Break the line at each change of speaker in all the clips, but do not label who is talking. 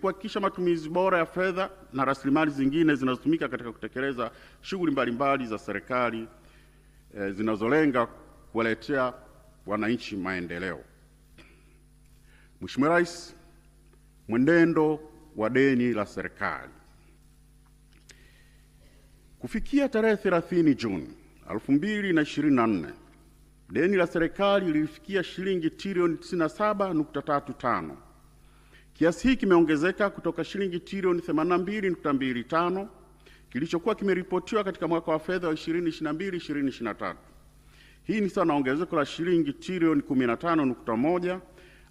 kuhakikisha matumizi bora ya fedha na rasilimali zingine zinazotumika katika kutekeleza shughuli mbalimbali za serikali e, zinazolenga kuwaletea wananchi maendeleo. Mheshimiwa Rais, mwenendo wa deni la serikali kufikia tarehe 30 Juni 2024 deni la serikali lilifikia shilingi trilioni 97.35 Kiasi hii kimeongezeka kutoka shilingi trilioni 82.25 kilichokuwa kimeripotiwa katika mwaka wa fedha wa 2022/2023. Hii ni sawa na ongezeko la shilingi trilioni 15.1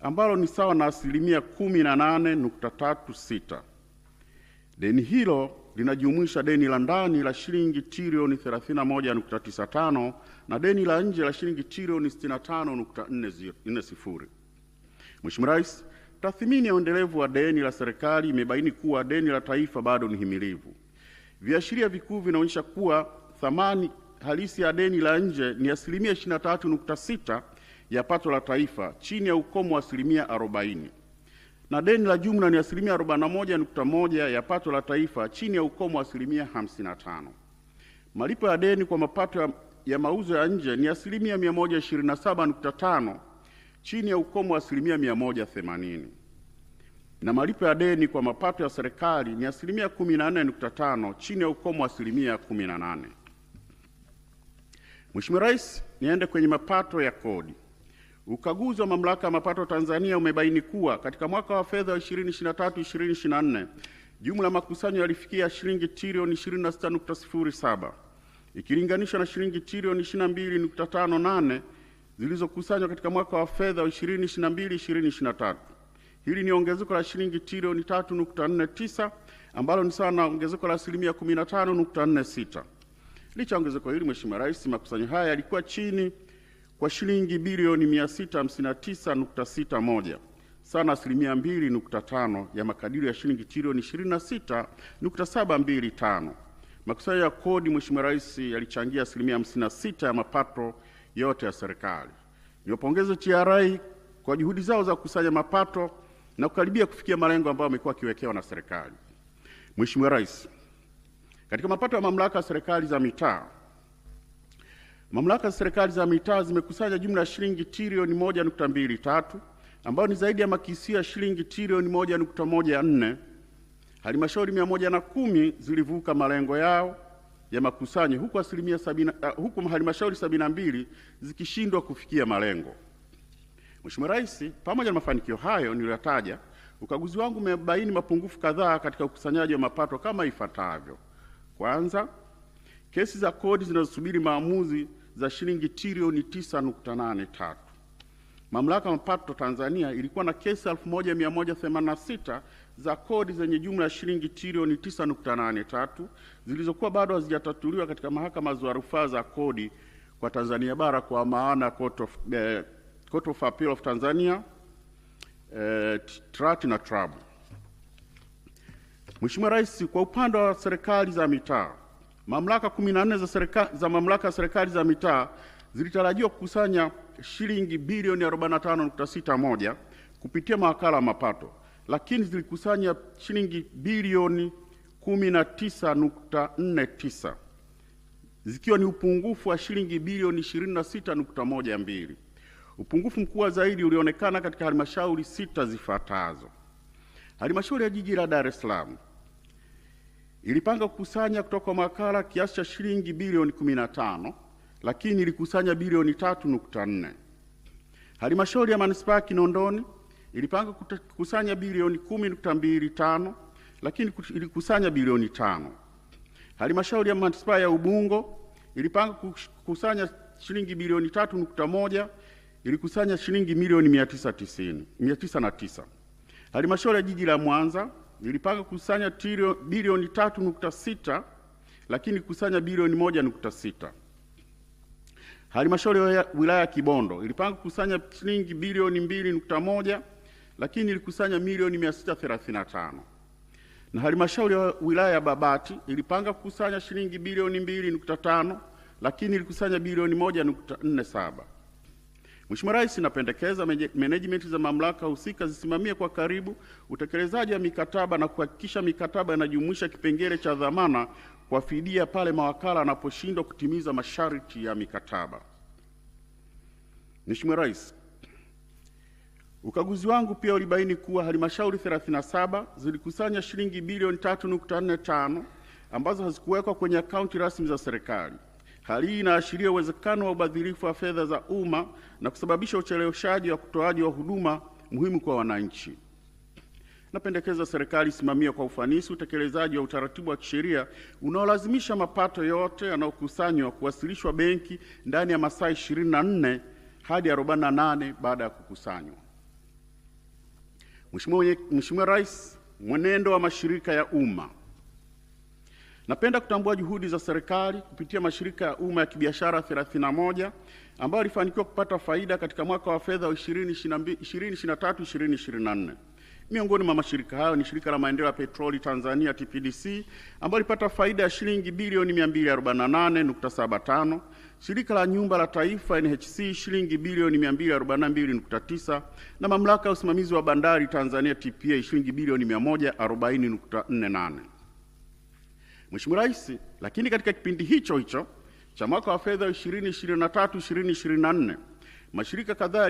ambalo ni sawa na asilimia 18.36. Deni hilo linajumuisha deni la ndani la shilingi trilioni 31.95 na deni la nje la shilingi trilioni 65.40. Mheshimiwa Rais, Tathmini ya uendelevu wa deni la serikali imebaini kuwa deni la taifa bado ni himilivu. Viashiria vikuu vinaonyesha kuwa thamani halisi ya deni la nje ni asilimia 23.6 ya pato la taifa, chini ya ukomo wa asilimia 40, na deni la jumla ni asilimia 41.1 ya pato la taifa, chini ya ukomo wa asilimia 55. Malipo ya deni kwa mapato ya mauzo ya nje ni asilimia 127.5 chini ya ukomo wa asilimia 180 na malipo ya deni kwa mapato ya serikali ni asilimia 14.5 chini ya ukomo wa asilimia 18. Mheshimiwa Rais, niende kwenye mapato ya kodi. Ukaguzi wa Mamlaka ya Mapato Tanzania umebaini kuwa katika mwaka wa fedha wa 2023/2024 jumla makusanyo yalifikia shilingi trilioni 26.07 ikilinganishwa na shilingi trilioni 22.58 zilizokusanywa katika mwaka wa fedha 2022 2023. Hili ni ongezeko la shilingi trilioni 3.49 ambalo ni sawa na ongezeko la asilimia 15.46. Licha ya ongezeko hili, Mheshimiwa Rais, makusanyo haya yalikuwa chini kwa shilingi bilioni 659.61 sana asilimia 2.5 ya makadirio ya shilingi trilioni 26.725. Makusanyo ya kodi, Mheshimiwa Rais, yalichangia asilimia 56 ya mapato yote ya serikali. Niwapongeze TRA kwa juhudi zao za kukusanya mapato na kukaribia kufikia malengo ambayo amekuwa akiwekewa na serikali. Mheshimiwa Rais, katika mapato ya mamlaka ya serikali za mitaa, mamlaka ya serikali za mitaa zimekusanya jumla ya shilingi trilioni tatu ambayo ni zaidi ya makisio ya shilingi trilioni nne. Halmashauri 110 zilivuka malengo yao ya makusanyo huku, asilimia uh, huku halmashauri 72 zikishindwa kufikia malengo. Mheshimiwa Rais, pamoja na mafanikio hayo niliyotaja, ukaguzi wangu umebaini mapungufu kadhaa katika ukusanyaji wa mapato kama ifuatavyo. Kwanza, kesi za kodi zinazosubiri maamuzi za shilingi trilioni 9.83 Mamlaka ya mapato Tanzania ilikuwa na kesi 1186 za kodi zenye jumla ya shilingi trilioni 9.83 zilizokuwa bado hazijatatuliwa katika mahakama za rufaa za kodi kwa Tanzania bara kwa maana Court of, eh, Court of Appeal of Tanzania eh, TRAT na TRAB. Mheshimiwa Rais, kwa upande wa serikali za mitaa, mamlaka 14 za, za mamlaka ya serikali za mitaa zilitarajiwa kukusanya shilingi bilioni 45.61 kupitia mawakala mapato, lakini zilikusanya shilingi bilioni 19.49 zikiwa ni upungufu wa shilingi bilioni 26.12. Upungufu mkubwa zaidi ulionekana katika halmashauri sita zifuatazo. Halmashauri ya jiji la Dar es Salaam ilipanga kukusanya kutoka kwa mawakala kiasi cha shilingi bilioni 15 lakini ilikusanya bilioni 3.4. Halmashauri ya manispaa Kinondoni ilipanga kukusanya bilioni 10.25, lakini ilikusanya bilioni tano. Halmashauri ya manispaa ya Ubungo ilipanga kukusanya shilingi bilioni 3.1, nukta moja ilikusanya shilingi milioni mia tisa na tisa. Halmashauri ya jiji la Mwanza ilipanga kukusanya bilioni 3.6, lakini kusanya bilioni 1.6. nukta Halmashauri ya wilaya ya Kibondo ilipanga kukusanya shilingi bilioni 2.1 lakini ilikusanya milioni 635, na halmashauri ya wilaya ya Babati ilipanga kukusanya shilingi bilioni 2.5 lakini ilikusanya bilioni 1.47. Mheshimiwa Rais, napendekeza management za mamlaka husika zisimamie kwa karibu utekelezaji wa mikataba na kuhakikisha mikataba inajumuisha kipengele cha dhamana fidia pale mawakala anaposhindwa kutimiza masharti ya mikataba. Mheshimiwa Rais, ukaguzi wangu pia ulibaini kuwa halmashauri 37 zilikusanya shilingi bilioni 3.45 ambazo hazikuwekwa kwenye akaunti rasmi za serikali. Hali hii inaashiria uwezekano wa ubadhirifu wa fedha za umma na kusababisha ucheleweshaji wa kutoaji wa huduma muhimu kwa wananchi napendekeza serikali isimamie kwa ufanisi utekelezaji wa utaratibu wa kisheria unaolazimisha mapato yote yanayokusanywa kuwasilishwa benki ndani ya masaa 24 hadi 48 baada ya kukusanywa. Mheshimiwa Rais, mwenendo wa mashirika ya umma. Napenda kutambua juhudi za serikali kupitia mashirika ya umma ya kibiashara 31 ambayo ilifanikiwa kupata faida katika mwaka wa fedha 2023 2024. Miongoni mwa mashirika hayo ni shirika la maendeleo ya petroli Tanzania TPDC ambalo lipata faida ya shilingi bilioni 248.75, shirika la nyumba la taifa NHC shilingi bilioni 242.9 na mamlaka ya usimamizi wa bandari Tanzania TPA shilingi bilioni 140.48. Mheshimiwa Rais, lakini katika kipindi hicho hicho cha mwaka wa fedha 2023 2024 mashirika kadhaa